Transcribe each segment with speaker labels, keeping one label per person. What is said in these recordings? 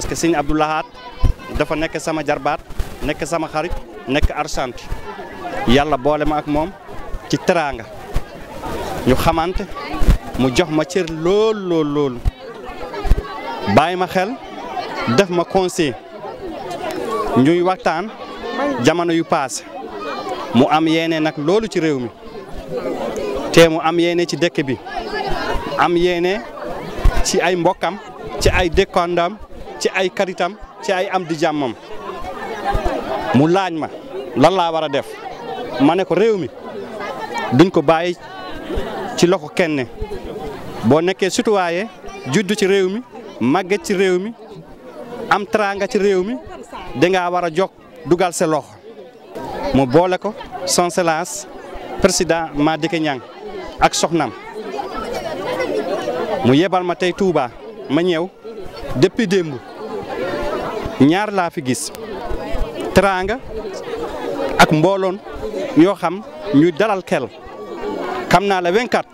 Speaker 1: parce que sëñ Abdou Lahad dafa nekk sama jarbaat nekk sama xarit nekk Argentine yàlla boole ma ak moom ci teraanga ñu xamante mu jox ma cër lool lool baay ma xel def ma conseil ñuy waxtaan jamono yu paas mu am yéene nag loolu ci réew mi te mu am yéene ci dëkk bi am yéene ci ay mbokkam ci ay dëkkandam ci ay karitam ci ay am di jàmmam mu laaj ma lan laa war a def ma ne ko réew mi duñ ko bàyyi ci loxo kenn boo nekkee citoyen juddu ci réew mi màgget ci réew mi am teraanga ci réew mi dangaa war a jog dugal sa loxo mu boole ko son excellence président Madické Niang ak soxnam mu yebal ma tey Touba ma ñëw depuis démb ñaar laa fi gis teraanga ak mbooloon yoo xam ñu dalal xel xam naa la 24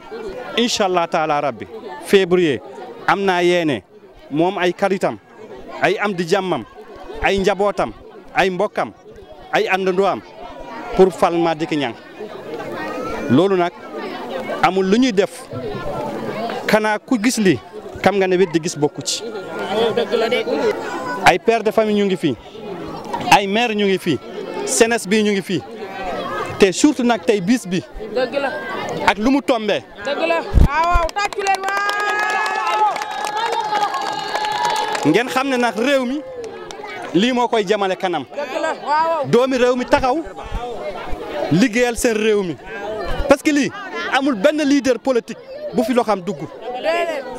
Speaker 1: incha allah taala rabbi février am naa yéene moom ay karitam ay am di jàmmam ay njabootam ay mbokkam ay àndandoam pour fal loolu nag amul lu ñuy def xanaa ku gis li kam nga ne weddi gis bokku ci ay père de famille ñu ngi fi ay mère ñu ngi fii senes bi ñu ngi fii te surtout nag tey bis bi. ak lu mu tombee. ngeen xam ne nag réew mi lii moo koy jëmale kanam. doomi réew mi taxaw liggéeyal seen réew mi parce que lii amul benn leader politique bu fi loo dugg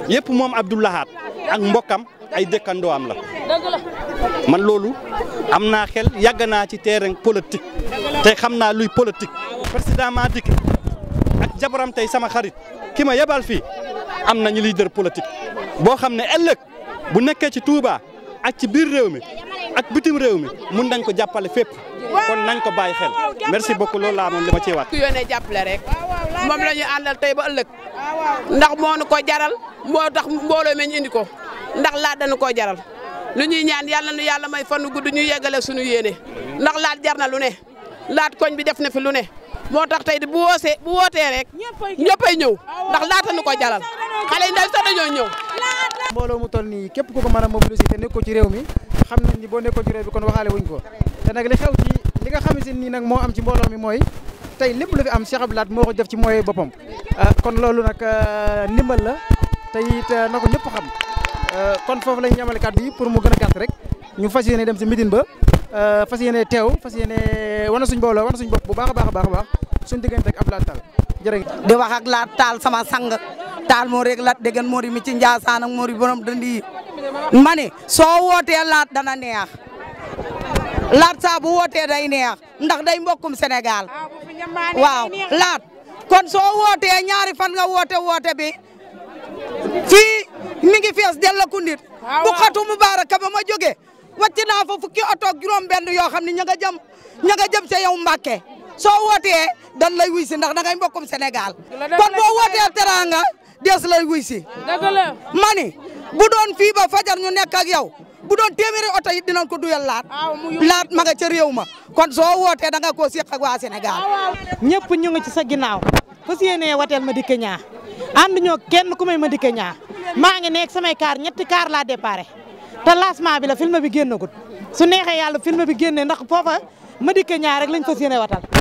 Speaker 1: yëpp moom Abdou Lahad ak am ay dëkkandoo am la. man loolu am naa xel yàgg naa ci terrain politique te xam naa luy politique. président maa dikk ak jabaram tey sama xarit ki ma yebal fi am nañu leader politique boo xam ne ëllëg bu nekkee ci Touba ak ci biir réew mi ak bitim réew mi mun nañ ko jàppale fépp kon nañ ko bàyyi xel merci beaucoup loolu laa moom li ma ciy wax.
Speaker 2: ku yónnee jàppale rek moom la ñu àndal tey ba ëllëg ndax moo nu ko jaral moo meñ indi ko. ndax laat dañu koo jaral lu ñuy ñaan yàlla nu yàlla may fanu gudd ñuy yeggale suñu yéenee ndax laat jar na lu ne laat koñ bi def na fi lu ne moo tax tey bu woosee bu wootee rek ñëppay ñëw ndax laata nu ko jaral xale yi ndaw sax dañoo ñëw. mbooloo mu toll nii képp ku ko mën a mobiliser te nekkoo ci réew mi xam nañ boo nekkoo ci réew mi kon waxaale wuñ ko te nag li xew ci li nga xamante ni nag moo am ci mbooloo mi mooy tey lépp lu fi am Cheikh Abdou laat moo ko def ci mooy boppam. Ah, kon loolu nag ah, ndimbal la te it ah, na xam. Euh, kon foofu lañu ñamale kàddu yi pour mu gën a gàtt rek ñu fas yéene dem si mitin ba euh, fas yéene teew fas yéene wana suñ booloo wana suñ bopp bu baax a baax a baax a baax suñ diggante ak ab Laat Taal jërë di wax ak Laat Taal sama sang taal moo rek lat déggan moori mi ci Njaasaan ak moori borom dandi ma ne soo wootee laat dana neex laat saa bu wootee day neex ndax day mbokkum Sénégal ah, waaw laat kon soo wootee ñaari fan nga woote woote bi fii mi ngi fees della ku nit ah, bu xatu mubaaraka ba ma joge wàcc naa fa fukki oto ak juróom benn yoo xam ne ña nga jëm ña nga jëm ca yow Mbàkke soo wootee dan lay wuy si ndax da ngay mbokkum Sénégal kon boo wootee teraanga dees lay wuy si ma ni bu doon fii ba fajar ñu nekk ak yow bu doon téeméeri oto yi dinañ ko duyal laat ah, laat ma nga ca réew ma kon soo wootee da nga koo séq ak waa Sénégal ah, ñëpp ñu ngi ci sa ginnaaw fas yéenee wateel ma dikke ñaa ànd ñoo kenn ku may ma dikke maa ngi nekk samay kaar ñetti kaar laa déparé te lancement bi la film bi génnagut su neexee yàlla film bi génnee ndax foofa ma dikk ñaar rek lañ fas yéene watal